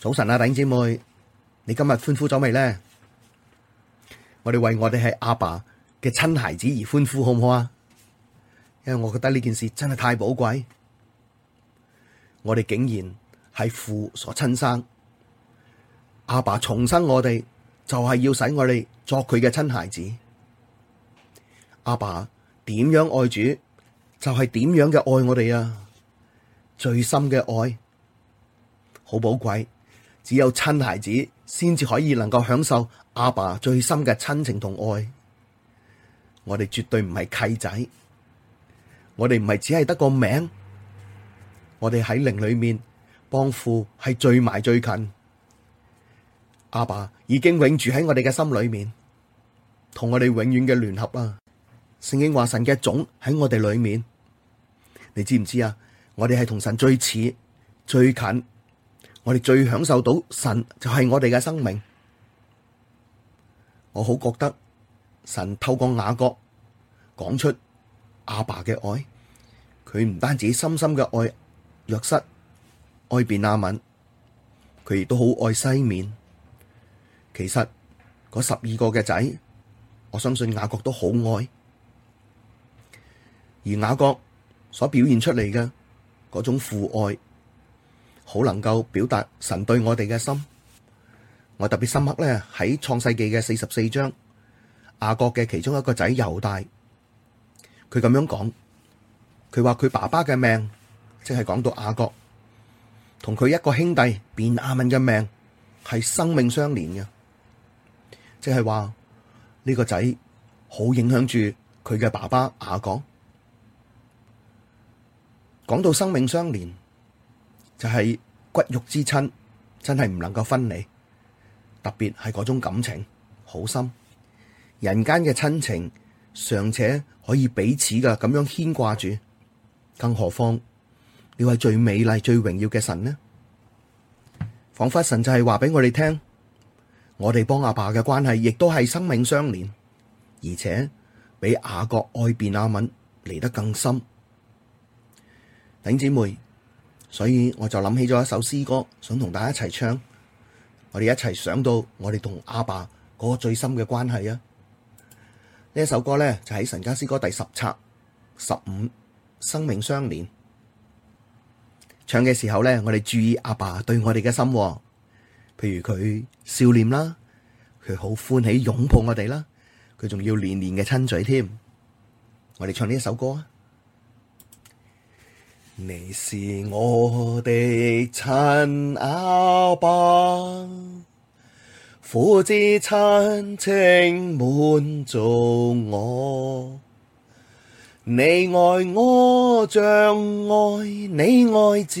早晨啊，弟兄姐妹，你今日歡呼咗未呢？我哋為我哋係阿爸嘅親孩子而歡呼，好唔好啊？因為我覺得呢件事真係太寶貴。我哋竟然係父所親生，阿爸重生我哋，就係要使我哋作佢嘅親孩子。阿爸點樣愛主，就係點樣嘅愛我哋啊！最深嘅愛，好寶貴。只有親孩子先至可以能夠享受阿爸最深嘅親情同愛。我哋絕對唔係契仔，我哋唔係只係得個名。我哋喺靈裏面幫父係最埋最近。阿爸已經永住喺我哋嘅心裏面，同我哋永遠嘅聯合啦。聖經話神嘅種喺我哋裏面，你知唔知啊？我哋係同神最似、最近。我哋最享受到神就係、是、我哋嘅生命，我好覺得神透過雅各講出阿爸嘅愛，佢唔單止深深嘅愛約瑟，愛便雅憫，佢亦都好愛西面。其實嗰十二個嘅仔，我相信雅各都好愛，而雅各所表現出嚟嘅嗰種父愛，好能夠表達神對我哋嘅心，我特別深刻呢喺創世紀嘅四十四章，雅各嘅其中一個仔猶大，佢咁樣講，佢話佢爸爸嘅命，即係講到雅各同佢一個兄弟便雅憫嘅命係生命相連嘅，即係話呢個仔好影響住佢嘅爸爸雅各，講到生命相連。就係骨肉之親，真係唔能夠分離。特別係嗰種感情好深，人間嘅親情尚且可以彼此噶咁樣牽掛住，更何況你係最美麗、最榮耀嘅神呢？仿彿神就係話俾我哋聽，我哋幫阿爸嘅關係亦都係生命相連，而且比阿個外邊阿敏嚟得更深。頂姐妹。所以我就諗起咗一首詩歌，想同大家一齊唱。我哋一齊想到我哋同阿爸嗰個最深嘅關係啊！呢一首歌咧就喺《神家詩歌》第十冊十五《生命相連》。唱嘅時候咧，我哋注意阿爸對我哋嘅心，譬如佢笑臉啦，佢好歡喜擁抱我哋啦，佢仲要年年嘅親嘴添。我哋唱呢一首歌啊！你是我的親阿爸，父子親情滿足我，你愛我像愛你愛子，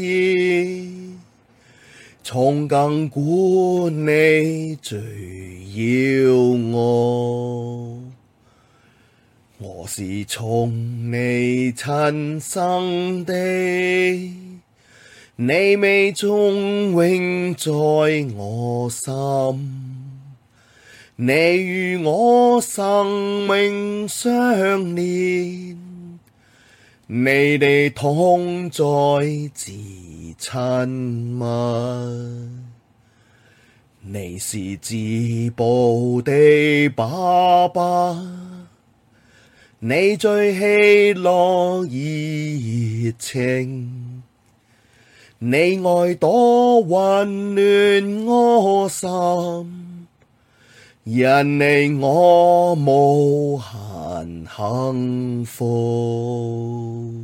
從亙古你最要我。我是從你親生的，你美種永在我心，你與我生命相連，你的同在至親密，你是至寶的爸爸。你最喜樂熱情，你愛多溫暖我心，因你我無限幸福。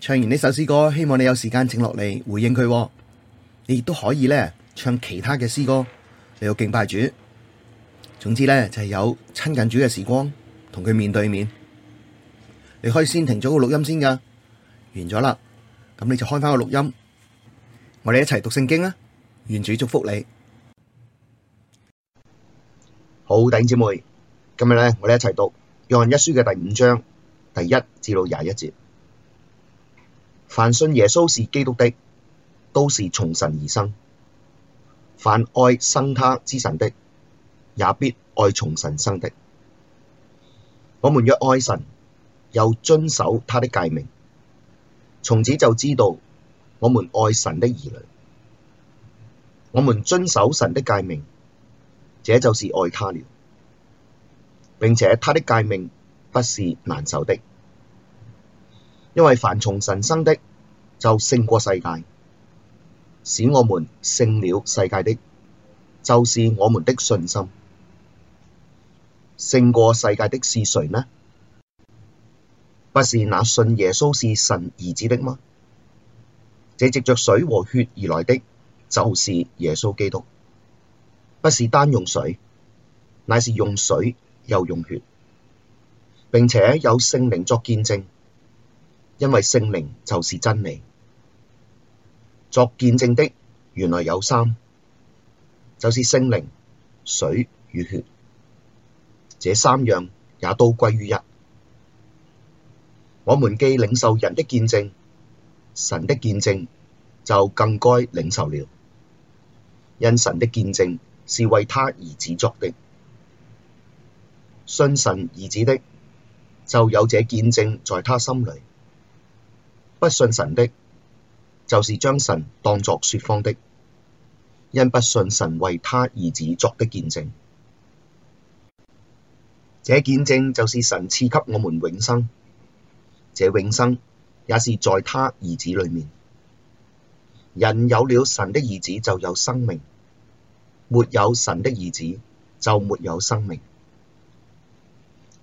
唱完呢首詩歌，希望你有時間請落嚟回應佢，哦。你亦都可以咧唱其他嘅詩歌你到敬拜主。總之咧，就係有親近主嘅時光，同佢面對面。你可以先停咗個錄音先噶，完咗啦，咁你就開翻個錄音，我哋一齊讀聖經啊！願主祝福你。好，弟兄姐妹，今日咧，我哋一齊讀約翰一書嘅第五章第一至到廿一節。凡信耶穌是基督的，都是從神而生，凡愛生他之神的，也必愛從神生的。我們若愛神，又遵守他的誡命，從此就知道我們愛神的兒女。我們遵守神的誡命，這就是愛他了，並且他的誡命不是難守的，因為凡從神生的，就勝過世界，使我們勝了世界的，就是我們的信心。勝過世界的是誰呢？不是那信耶穌是神兒子的嗎？這藉着水和血而來的，就是耶穌基督。不是單用水，乃是用水又用血，並且有聖靈作見證，因為聖靈就是真理。作見證的原來有三，就是聖靈、水與血。這三樣也都歸於一。我們既領受人的見證、神的見證，就更該領受了。因神的見證是為他兒子作的。信神兒子的，就有這見證在他心裡；不信神的，就是將神當作説謊的，因不信神為他兒子作的見證。這見證就是神賜給我們永生，這永生也是在他兒子裡面。人有了神的兒子就有生命，沒有神的兒子就沒有生命。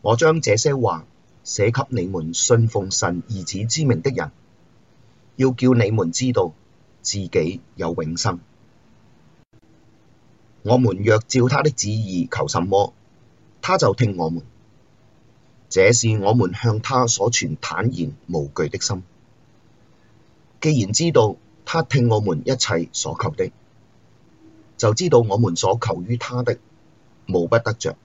我將這些話寫給你們信奉神兒子之名的人，要叫你們知道自己有永生。我們若照他的旨意求什麼，他就聽我們，這是我們向他所存坦然無懼的心。既然知道他聽我們一切所求的，就知道我們所求於他的，無不得着。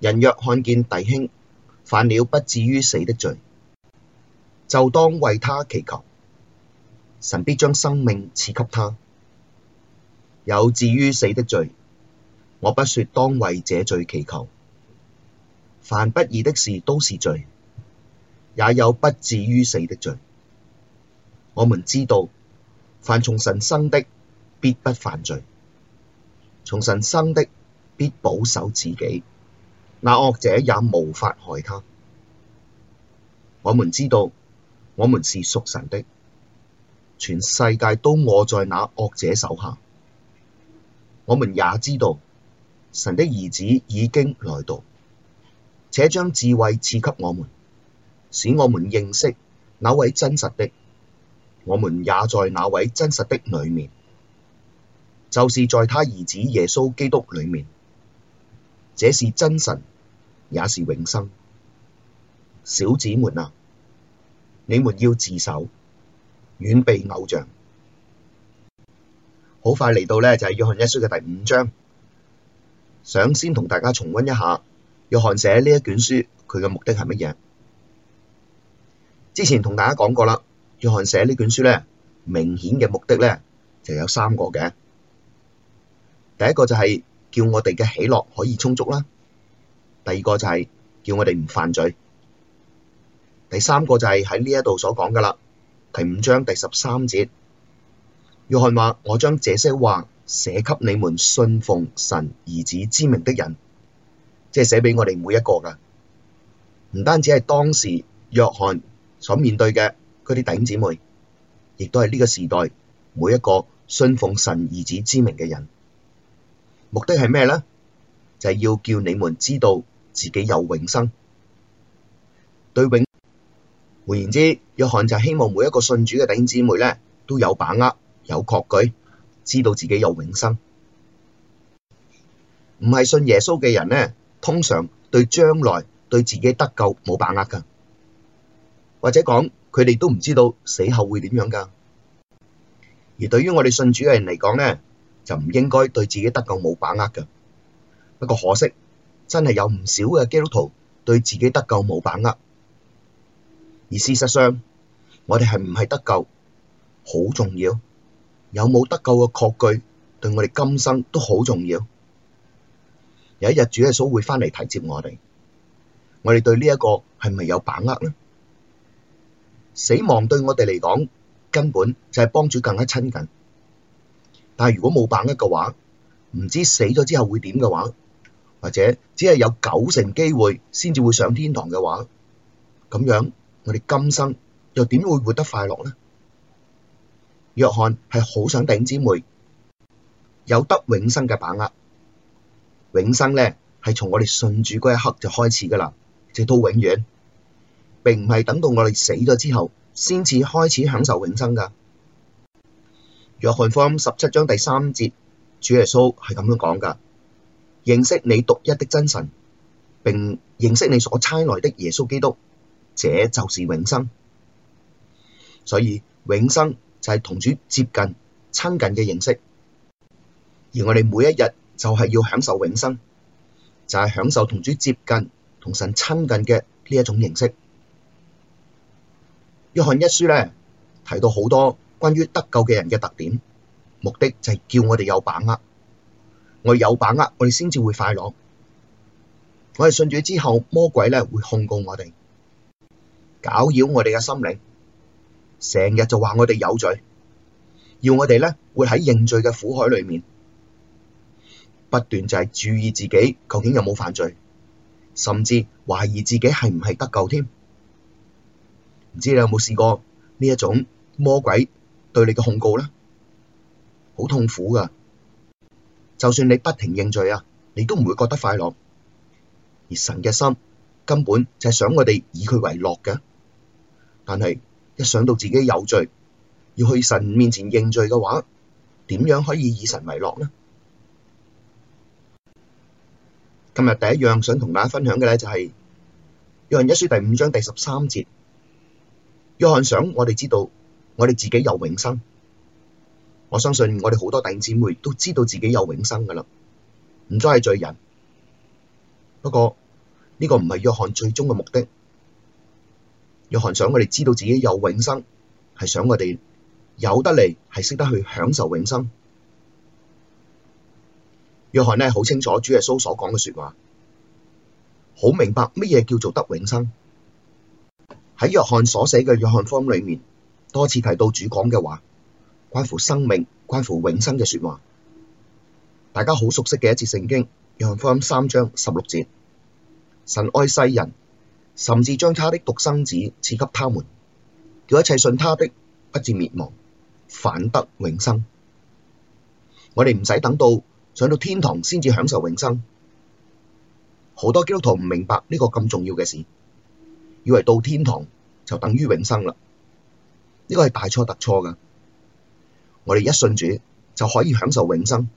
人若看見弟兄犯了不至於死的罪，就當為他祈求，神必將生命賜給他。有至於死的罪。我不說當為這罪祈求，凡不義的事都是罪，也有不至於死的罪。我們知道，凡從神生的必不犯罪，從神生的必保守自己，那惡者也無法害他。我們知道，我們是屬神的，全世界都臥在那惡者手下。我們也知道。神的兒子已經來到，且將智慧賜給我們，使我們認識那位真實的。我們也在那位真實的裏面，就是在他兒子耶穌基督裏面。這是真神，也是永生。小子們啊，你們要自守，遠避偶像。好快嚟到呢，就係約翰一書嘅第五章。想先同大家重溫一下，約翰寫呢一卷書，佢嘅目的係乜嘢？之前同大家講過啦，約翰寫呢卷書咧，明顯嘅目的咧就有三個嘅。第一個就係叫我哋嘅喜樂可以充足啦。第二個就係叫我哋唔犯罪。第三個就係喺呢一度所講噶㗎啦，第五章第十三節，約翰話：我將這些話。寫給你們信奉神兒子之名的人，即係寫俾我哋每一個噶唔單止係當時約翰所面對嘅嗰啲弟兄姊妹，亦都係呢個時代每一個信奉神兒子之名嘅人。目的係咩呢？就係、是、要叫你們知道自己有永生。對永，換言之，約翰就希望每一個信主嘅弟兄姊妹呢，都有把握，有確據。知道自己有永生，唔係信耶穌嘅人呢，通常對將來、對自己得救冇把握噶，或者講佢哋都唔知道死後會點樣噶。而對於我哋信主嘅人嚟講呢，就唔應該對自己得救冇把握噶。不過可惜，真係有唔少嘅基督徒對自己得救冇把握。而事實上，我哋係唔係得救好重要。有冇得救嘅確據，對我哋今生都好重要。有一日主耶穌會返嚟提接我哋，我哋對呢一個係咪有把握咧？死亡對我哋嚟講根本就係幫主更加親近，但係如果冇把握嘅話，唔知死咗之後會點嘅話，或者只係有九成機會先至會上天堂嘅話，咁樣我哋今生又點會活得快樂咧？約翰係好想頂姊妹，有得永生嘅把握。永生咧，係從我哋信主嗰一刻就開始㗎啦，直到永遠。並唔係等到我哋死咗之後先至開始享受永生㗎。約翰福音十七章第三節，主耶穌係咁樣講㗎：認識你獨一的真神，並認識你所差來的耶穌基督，這就是永生。所以永生。就係同主接近親近嘅形式，而我哋每一日就係要享受永生，就係、是、享受同主接近同神親近嘅呢一種形式。約翰一書咧提到好多關於得救嘅人嘅特點，目的就係叫我哋有把握，我哋有把握，我哋先至會快樂。我哋信住之後，魔鬼咧會控告我哋，攪擾我哋嘅心靈。成日就話我哋有罪，要我哋咧會喺認罪嘅苦海裏面，不斷就係注意自己究竟有冇犯罪，甚至懷疑自己係唔係得救添。唔知你有冇試過呢一種魔鬼對你嘅控告咧？好痛苦噶，就算你不停認罪啊，你都唔會覺得快樂。而神嘅心根本就係想我哋以佢為樂嘅，但係。一想到自己有罪，要去神面前認罪嘅話，點樣可以以神為樂呢？今日第一樣想同大家分享嘅咧、就係，就係約翰一書第五章第十三節。約翰想我哋知道我哋自己有永生。我相信我哋好多弟兄姊妹都知道自己有永生噶啦，唔再係罪人。不過呢、呢個唔係約翰最終嘅目的。約翰想我哋知道自己有永生，係想我哋有得嚟，係識得去享受永生。約翰呢好清楚主耶穌所講嘅說話，好明白乜嘢叫做得永生。喺約翰所寫嘅約翰福音裏面，多次提到主講嘅話，關乎生命、關乎永生嘅說話。大家好熟悉嘅一節聖經，約翰福音三章十六節：神愛世人。甚至將他的獨生子賜給他們，叫一切信他的不至滅亡，反得永生。我哋唔使等到上到天堂先至享受永生。好多基督徒唔明白呢個咁重要嘅事，以為到天堂就等於永生啦。呢個係大錯特錯㗎。我哋一信主就可以享受永生。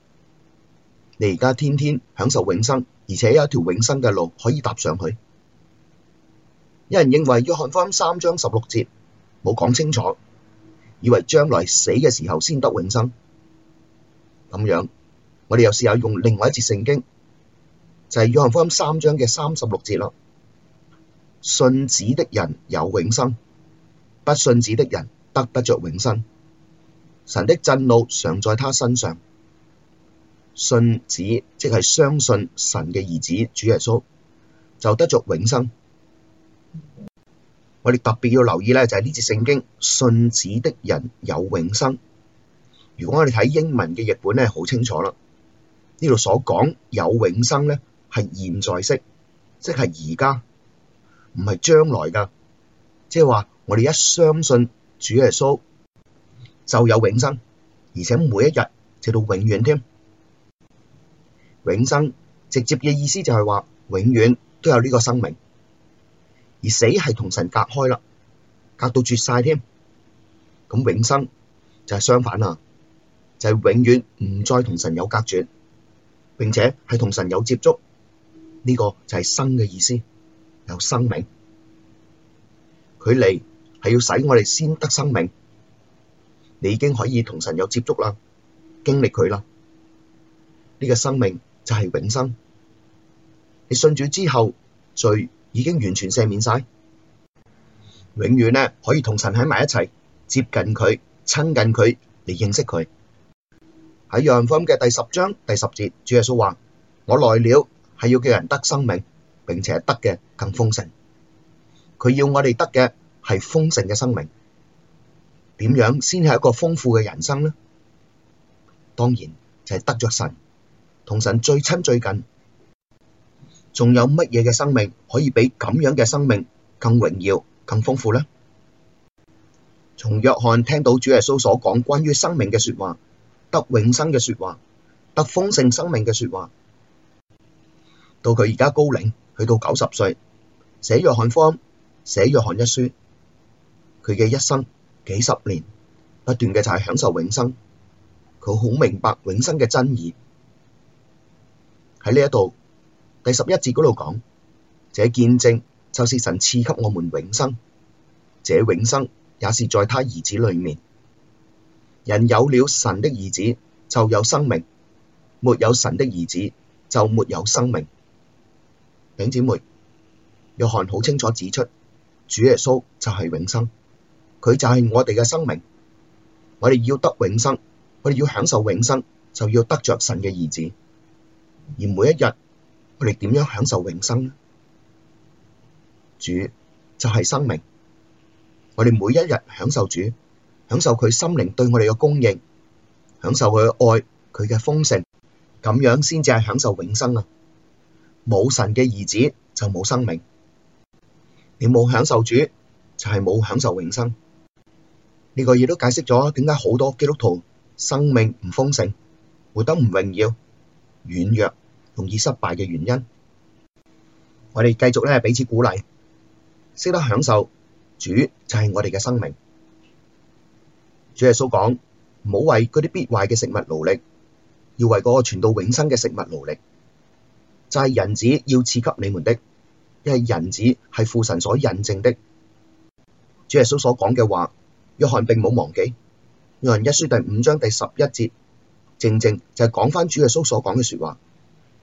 你而家天天享受永生，而且有一條永生嘅路可以踏上去。有人認為約翰福音三章十六節冇講清楚，以為將來死嘅時候先得永生。咁樣，我哋又試下用另外一節聖經，就係約翰福音三章嘅三十六節咯。信子的人有永生，不信子的人得不着永生。神的震怒常在他身上。信子即係相信神嘅兒子主耶穌，就得着永生。我哋特別要留意咧，就係呢節聖經，信子的人有永生。如果我哋睇英文嘅譯本咧，好清楚啦。呢度所講有永生咧，係現在式，即係而家，唔係將來噶。即係話我哋一相信主耶穌，就有永生，而且每一日直到永遠添。永生直接嘅意思就係話，永遠都有呢個生命。而死係同神隔開啦，隔到絕晒添。咁永生就係相反啦，就係永遠唔再同神有隔絕，並且係同神有接觸。呢個就係生嘅意思，有生命。佢嚟係要使我哋先得生命，你已經可以同神有接觸啦，經歷佢啦。呢個生命就係永生。你信主之後，最。已經完全赦免晒，永遠咧可以同神喺埋一齊，接近佢，親近佢，嚟認識佢。喺約翰福音嘅第十章第十節，主耶穌話：我來了係要叫人得生命，並且得嘅更豐盛。佢要我哋得嘅係豐盛嘅生命。點樣先係一個豐富嘅人生呢？當然就係、是、得着神，同神最親最近。仲有乜嘢嘅生命可以比咁樣嘅生命更榮耀、更豐富呢？從約翰聽到主耶穌所講關於生命嘅說話，得永生嘅說話，得豐盛生命嘅說話，到佢而家高齡，去到九十歲寫約翰方，音、寫約翰一書，佢嘅一生幾十年不斷嘅就係享受永生，佢好明白永生嘅真義喺呢一度。第十一節嗰度講，這見證就是神賜給我們永生，這永生也是在他兒子裡面。人有了神的兒子就有生命，沒有神的兒子就沒有生命。弟兄姊妹，約翰好清楚指出，主耶穌就係永生，佢就係我哋嘅生命。我哋要得永生，我哋要，要享受永生，就要得着神嘅兒子，而每一日。我哋點樣享受永生呢？主就係生命，我哋每一日享受主，享受佢心靈對我哋嘅供應，享受佢嘅愛，佢嘅豐盛，咁樣先至係享受永生啊！冇神嘅兒子就冇生命，你冇享受主就係冇享受永生。呢個亦都解釋咗點解好多基督徒生命唔豐盛，活得唔榮耀、軟弱。容易失敗嘅原因，我哋繼續咧彼此鼓勵，識得享受主就係我哋嘅生命。主耶穌講：唔好為嗰啲必壞嘅食物勞力，要為個傳到永生嘅食物勞力。就係人子要賜給你們的，因為人子係父神所印證的。主耶穌所講嘅話，約翰並冇忘記，約翰一書第五章第十一節，正正就係講返主耶穌所講嘅説話。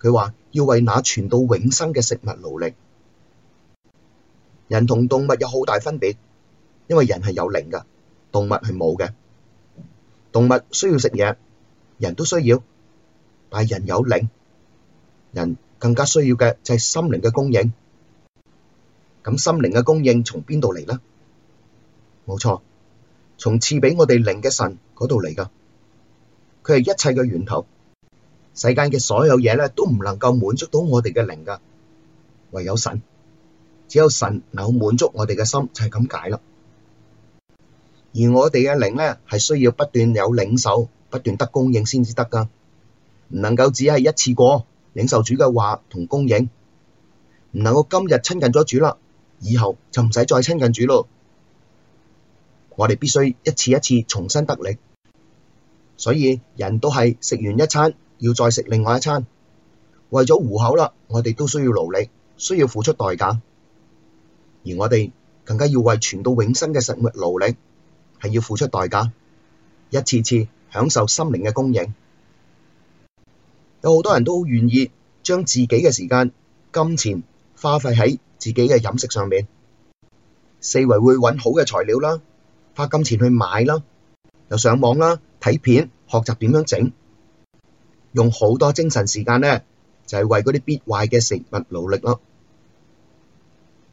佢話要為那存到永生嘅食物勞力。人同動物有好大分別，因為人係有靈嘅，動物係冇嘅。動物需要食嘢，人都需要，但係人有靈，人更加需要嘅就係心靈嘅供應。咁心靈嘅供應從邊度嚟呢？冇錯，從賜俾我哋靈嘅神嗰度嚟噶，佢係一切嘅源頭。世間嘅所有嘢咧，都唔能夠滿足到我哋嘅靈噶，唯有神，只有神能夠滿足我哋嘅心，就係咁解啦。而我哋嘅靈咧，係需要不斷有領受，不斷得供應先至得噶，唔能夠只係一次過領受主嘅話同供應，唔能夠今日親近咗主啦，以後就唔使再親近主咯。我哋必須一次一次重新得領，所以人都係食完一餐，要再食另外一餐，為咗糊口啦，我哋都需要勞力，需要付出代價。而我哋更加要為存到永生嘅食物勞力，係要付出代價。一次次享受心靈嘅供應，有好多人都願意將自己嘅時間、金錢花費喺自己嘅飲食上面。四圍會揾好嘅材料啦，花金錢去買啦，又上網啦，睇片，學習點樣整。用好多精神時間咧，就係、是、為嗰啲必壞嘅食物勞力咯。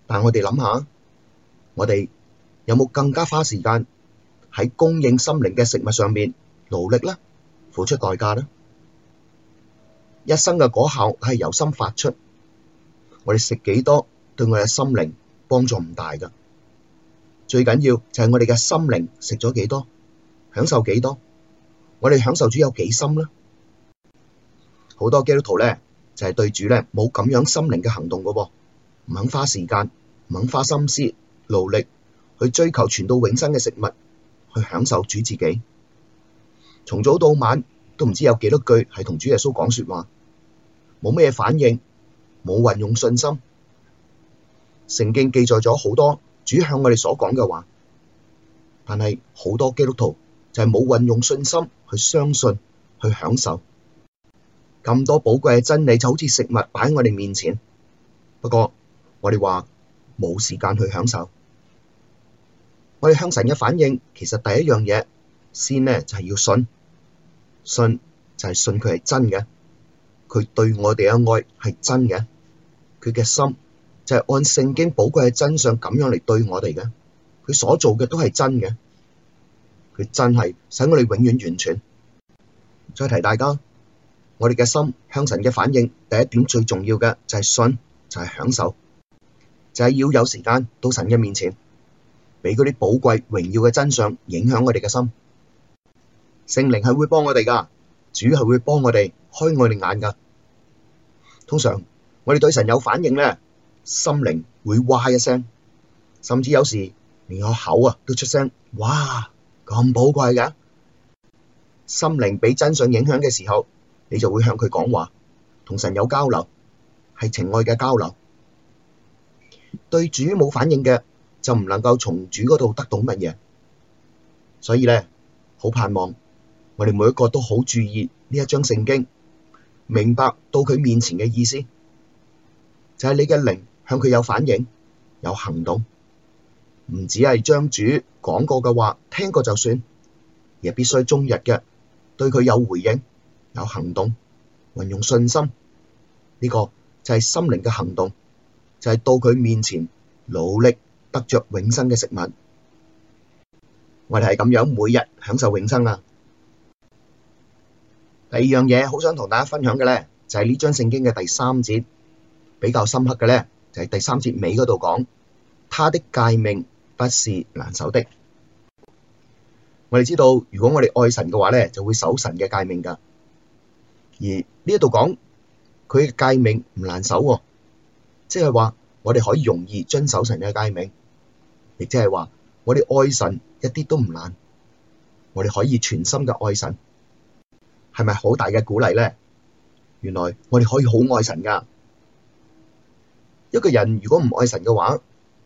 但我哋諗下，我哋有冇更加花時間喺供應心靈嘅食物上面勞力咧？付出代價咧？一生嘅果效係由心發出。我哋食幾多對我哋嘅心靈幫助唔大㗎。最緊要就係我哋嘅心靈食咗幾多，享受幾多。我哋享受主有幾深咧？好多基督徒咧，就係對主咧冇咁樣心靈嘅行動噶唔肯花時間，唔肯花心思、勞力去追求存到永生嘅食物，去享受主自己。從早到晚都唔知有幾多句係同主耶穌講說話，冇咩反應，冇運用信心。聖經記載咗好多主向我哋所講嘅話，但係好多基督徒就係冇運用信心去相信，去享受。咁多寶貴嘅真理就好似食物擺喺我哋面前，不過我哋話冇時間去享受。我哋向神嘅反應，其實第一樣嘢先呢就係、是、要信，信就係、是、信佢係真嘅，佢對我哋嘅愛係真嘅，佢嘅心就係、是、按聖經寶貴嘅真相咁樣嚟對我哋嘅，佢所做嘅都係真嘅，佢真係使我哋永遠完全。再提大家。我哋嘅心向神嘅反應，第一點最重要嘅就係信，就係、是、享受，就係、是、要有時間到神嘅面前，畀嗰啲寶貴榮耀嘅真相影響我哋嘅心。聖靈係會幫我哋噶，主係會幫我哋開我哋眼噶。通常我哋對神有反應咧，心靈會哇一聲，甚至有時連我口啊都出聲，哇！咁寶貴嘅心靈畀真相影響嘅時候。你就會向佢講話，同神有交流，係情愛嘅交流。對主冇反應嘅，就唔能夠從主嗰度得到乜嘢。所以咧，好盼望我哋每一個都好注意呢一章聖經，明白到佢面前嘅意思，就係、是、你嘅靈向佢有反應，有行動，唔只係將主講過嘅話聽過就算，而係必須終日嘅對佢有回應。有行動，運用信心，呢、這個就係心靈嘅行動，就係、是、到佢面前努力得着永生嘅食物。我哋係咁樣每日享受永生啊。第二樣嘢好想同大家分享嘅咧，就係、是、呢張聖經嘅第三節比較深刻嘅咧，就係、是、第三節尾嗰度講，他的誡命不是難守的。我哋知道，如果我哋愛神嘅話咧，就會守神嘅誡命噶。而呢一度講佢嘅誡命唔難守、啊，即係話我哋可以容易遵守神嘅誡命，亦即係話我哋愛神一啲都唔難，我哋可以全心嘅愛神，係咪好大嘅鼓勵咧？原來我哋可以好愛神噶。一個人如果唔愛神嘅話，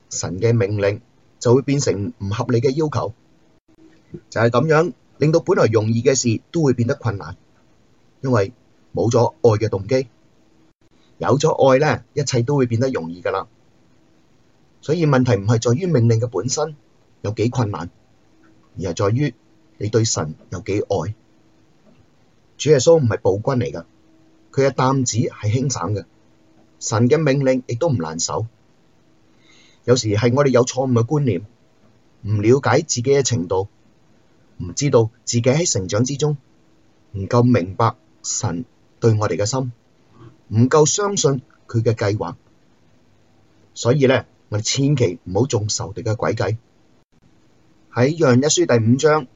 神嘅命令就會變成唔合理嘅要求，就係、是、咁樣令到本來容易嘅事都會變得困難。因為冇咗愛嘅動機，有咗愛咧，一切都會變得容易噶啦。所以問題唔係在於命令嘅本身有幾困難，而係在於你對神有幾愛。主耶穌唔係暴君嚟噶，佢嘅擔子係輕省嘅。神嘅命令亦都唔難守。有時係我哋有錯誤嘅觀念，唔了解自己嘅程度，唔知道自己喺成長之中，唔夠明白。神對我哋嘅心唔夠相信佢嘅計劃，所以咧，我哋千祈唔好中仇敵嘅詭計。喺約翰一書第五章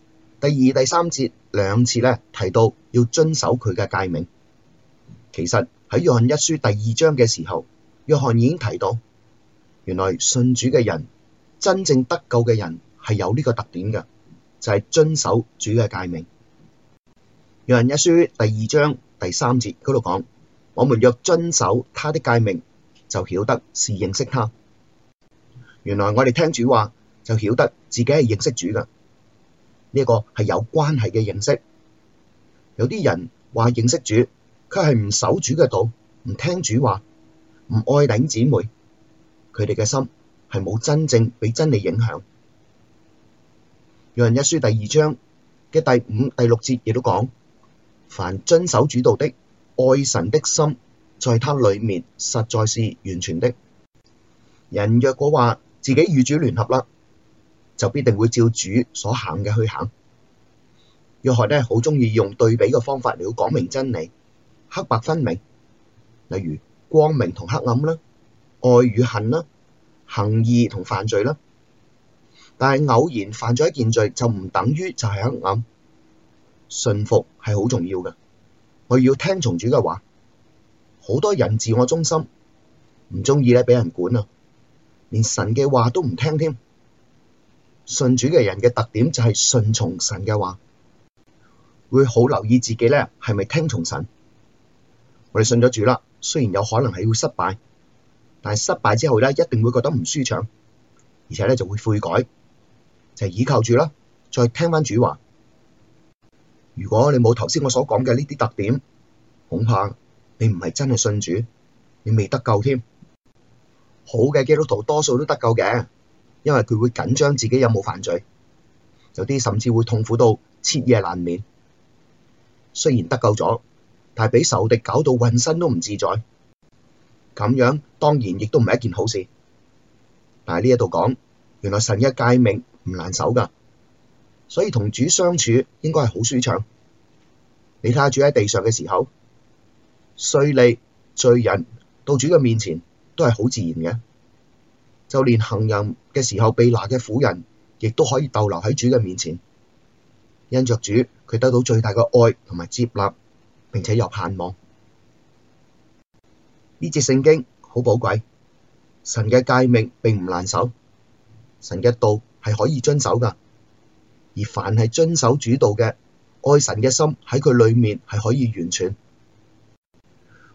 第二、第三節兩次咧提到要遵守佢嘅誡命。其實喺約翰一書第二章嘅時候，約翰已經提到，原來信主嘅人真正得救嘅人係有呢個特點嘅，就係遵守主嘅誡命。《約翰一書》第二章第三節嗰度講：我們若遵守他的誡命，就曉得是認識他。原來我哋聽主話就曉得自己係認識主噶。呢個係有關係嘅認識。有啲人話認識主，佢係唔守主嘅道，唔聽主話，唔愛頂姊妹，佢哋嘅心係冇真正俾真理影響。《約翰一書》第二章嘅第五、第六節亦都講。凡遵守主道的愛神的心，在他裡面實在是完全的。人若果話自己與主聯合啦，就必定會照主所行嘅去行。約翰呢好鍾意用對比嘅方法嚟講明真理，黑白分明。例如光明同黑暗啦，愛與恨啦，行義同犯罪啦。但係偶然犯咗一件罪，就唔等於就係黑暗。信服係好重要噶，我要聽從主嘅話。好多人自我中心，唔中意咧俾人管啊，連神嘅話都唔聽添。信主嘅人嘅特點就係順從神嘅話，會好留意自己咧係咪聽從神。我哋信咗主啦，雖然有可能係會失敗，但係失敗之後咧一定會覺得唔舒暢，而且咧就會悔改，就係、是、倚靠主啦，再聽翻主話。如果你冇頭先我所講嘅呢啲特點，恐怕你唔係真係信主，你未得救添。好嘅基督徒多數都得救嘅，因為佢會緊張自己有冇犯罪，有啲甚至會痛苦到徹夜難眠。雖然得救咗，但係俾仇敵搞到渾身都唔自在，咁樣當然亦都唔係一件好事。但係呢一度講，原來神嘅誡命唔難守㗎。所以同主相處應該係好舒暢。你睇下主喺地上嘅時候，稅吏罪人到主嘅面前都係好自然嘅，就連行淫嘅時候被拿嘅婦人，亦都可以逗留喺主嘅面前，因着主佢得到最大嘅愛同埋接納，並且有盼望。呢節聖經好寶貴，神嘅誡命並唔難守，神嘅道係可以遵守噶。而凡係遵守主道嘅，愛神嘅心喺佢裏面係可以完全。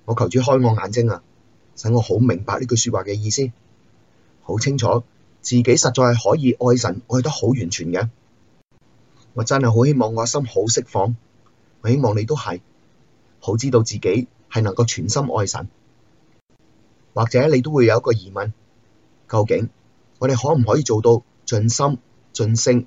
我求主開我眼睛啊，使我好明白呢句說話嘅意思，好清楚自己實在係可以愛神愛得好完全嘅。我真係好希望我心好釋放，我希望你都係好知道自己係能夠全心愛神。或者你都會有一個疑問，究竟我哋可唔可以做到盡心盡性？盡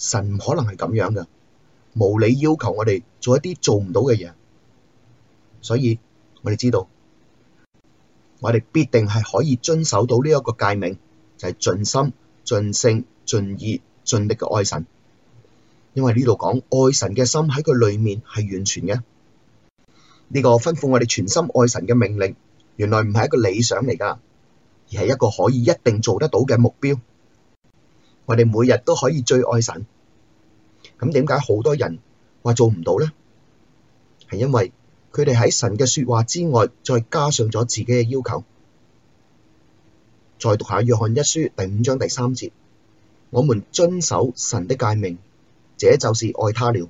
神唔可能係咁樣噶，無理要求我哋做一啲做唔到嘅嘢，所以我哋知道，我哋必定係可以遵守到呢一個誡命，就係、是、盡心、盡性、盡意、盡力嘅愛神。因為呢度講愛神嘅心喺佢裏面係完全嘅，呢、這個吩咐我哋全心愛神嘅命令，原來唔係一個理想嚟噶，而係一個可以一定做得到嘅目標。我哋每日都可以最愛神，咁點解好多人話做唔到呢？係因為佢哋喺神嘅說話之外，再加上咗自己嘅要求。再讀下約翰一書第五章第三節：我們遵守神的誡命，這就是愛他了，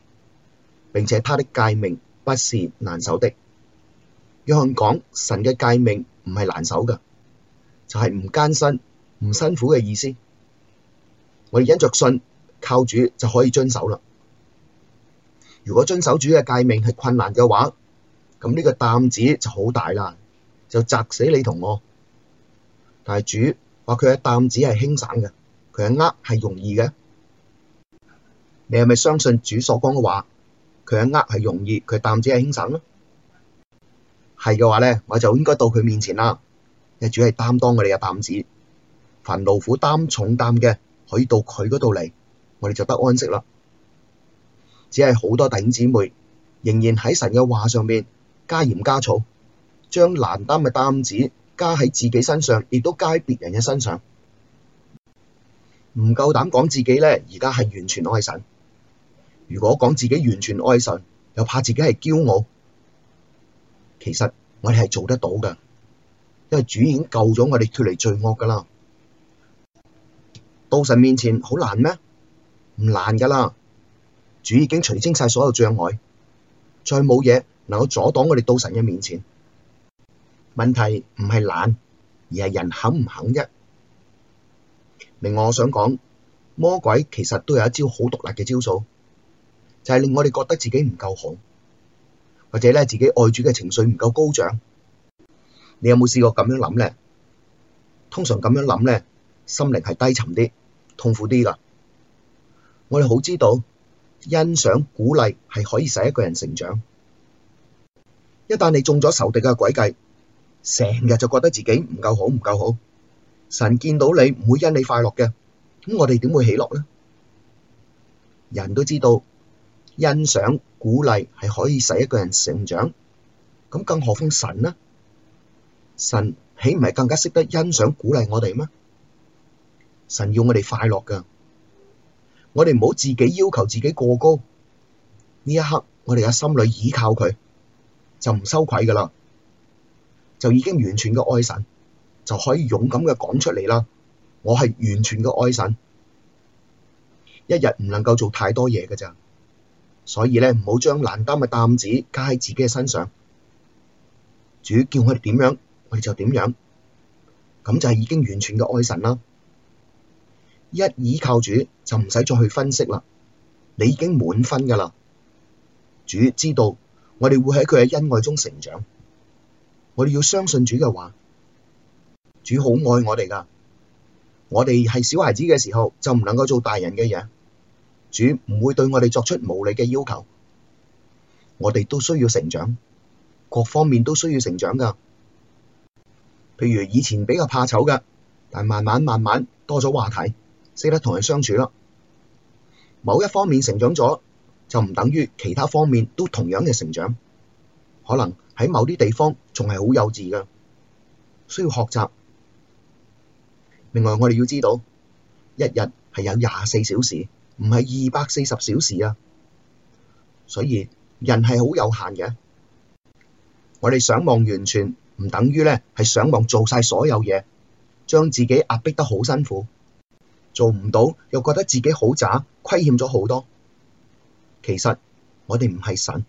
並且他的誡命不是難守的。約翰講神嘅誡命唔係難守㗎，就係唔艱辛、唔辛苦嘅意思。我哋家着信靠主就可以遵守啦。如果遵守主嘅誡命係困難嘅話，咁、這、呢個擔子就好大啦，就砸死你同我。但係主話佢嘅擔子係輕省嘅，佢嘅軛係容易嘅。你係咪相信主所講嘅話？佢嘅軛係容易，佢擔子係輕省咯。係嘅話咧，我就應該到佢面前啦。因為主係擔當我哋嘅擔子，凡勞苦擔重擔嘅。可到佢嗰度嚟，我哋就得安息啦。只係好多弟兄姊妹仍然喺神嘅話上面加鹽加醋，將難擔嘅擔子加喺自己身上，亦都加喺別人嘅身上。唔夠膽講自己咧，而家係完全愛神。如果講自己完全愛神，又怕自己係驕傲，其實我哋係做得到噶，因為主已經救咗我哋脫離罪惡噶啦。到神面前好難咩？唔難噶啦，主已經除清晒所有障礙，再冇嘢能夠阻擋我哋到神嘅面前。問題唔係難，而係人肯唔肯啫。另外，我想講，魔鬼其實都有一招好獨立嘅招數，就係、是、令我哋覺得自己唔夠好，或者咧自己愛主嘅情緒唔夠高漲。你有冇試過咁樣諗咧？通常咁樣諗咧，心靈係低沉啲。痛苦啲啦，我哋好知道欣賞鼓勵係可以使一個人成長。一旦你中咗仇敵嘅詭計，成日就覺得自己唔夠好，唔夠好。神見到你唔會因你快樂嘅，咁我哋點會喜樂呢？人都知道欣賞鼓勵係可以使一個人成長，咁更何況神呢？神豈唔係更加識得欣賞鼓勵我哋咩？神要我哋快樂噶，我哋唔好自己要求自己過高。呢一刻，我哋喺心裏倚靠佢，就唔羞愧噶啦，就已經完全嘅愛神，就可以勇敢嘅講出嚟啦。我係完全嘅愛神，一日唔能夠做太多嘢噶咋，所以咧唔好將難擔嘅擔子加喺自己嘅身上。主叫我哋點樣，我哋就點樣，咁就係已經完全嘅愛神啦。一倚靠主就唔使再去分析啦，你已經滿分噶啦。主知道我哋會喺佢嘅恩愛中成長，我哋要相信主嘅話。主好愛我哋噶，我哋係小孩子嘅時候就唔能夠做大人嘅嘢。主唔會對我哋作出無理嘅要求，我哋都需要成長，各方面都需要成長噶。譬如以前比較怕醜噶，但慢慢慢慢多咗話題。識得同人相處咯。某一方面成長咗，就唔等於其他方面都同樣嘅成長。可能喺某啲地方仲係好幼稚㗎，需要學習。另外，我哋要知道，一日係有廿四小時，唔係二百四十小時啊。所以人係好有限嘅。我哋想望完全唔等於咧係想望做晒所有嘢，將自己壓迫得好辛苦。做唔到又覺得自己好渣，虧欠咗好多。其實我哋唔係神，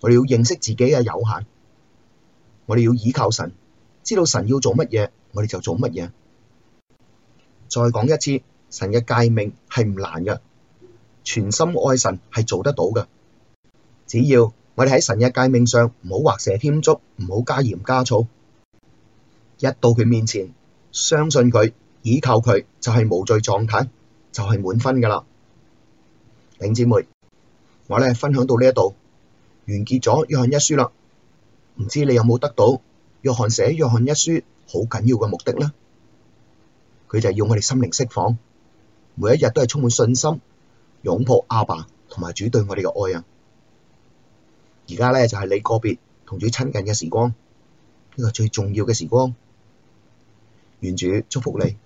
我哋要認識自己嘅有限，我哋要依靠神，知道神要做乜嘢，我哋就做乜嘢。再講一次，神嘅誡命係唔難嘅，全心愛神係做得到嘅，只要我哋喺神嘅誡命上唔好畫蛇添足，唔好加鹽加醋，一到佢面前，相信佢。倚靠佢就係無罪狀態，就係、是、滿分噶啦，頂姊妹，我咧分享到呢一度完結咗約翰一書啦。唔知你有冇得到約翰寫約翰一書好緊要嘅目的咧？佢就係要我哋心靈釋放，每一日都係充滿信心，擁抱阿爸同埋主對我哋嘅愛啊！而家咧就係、是、你個別同主親近嘅時光，呢、這個最重要嘅時光。願主祝福你。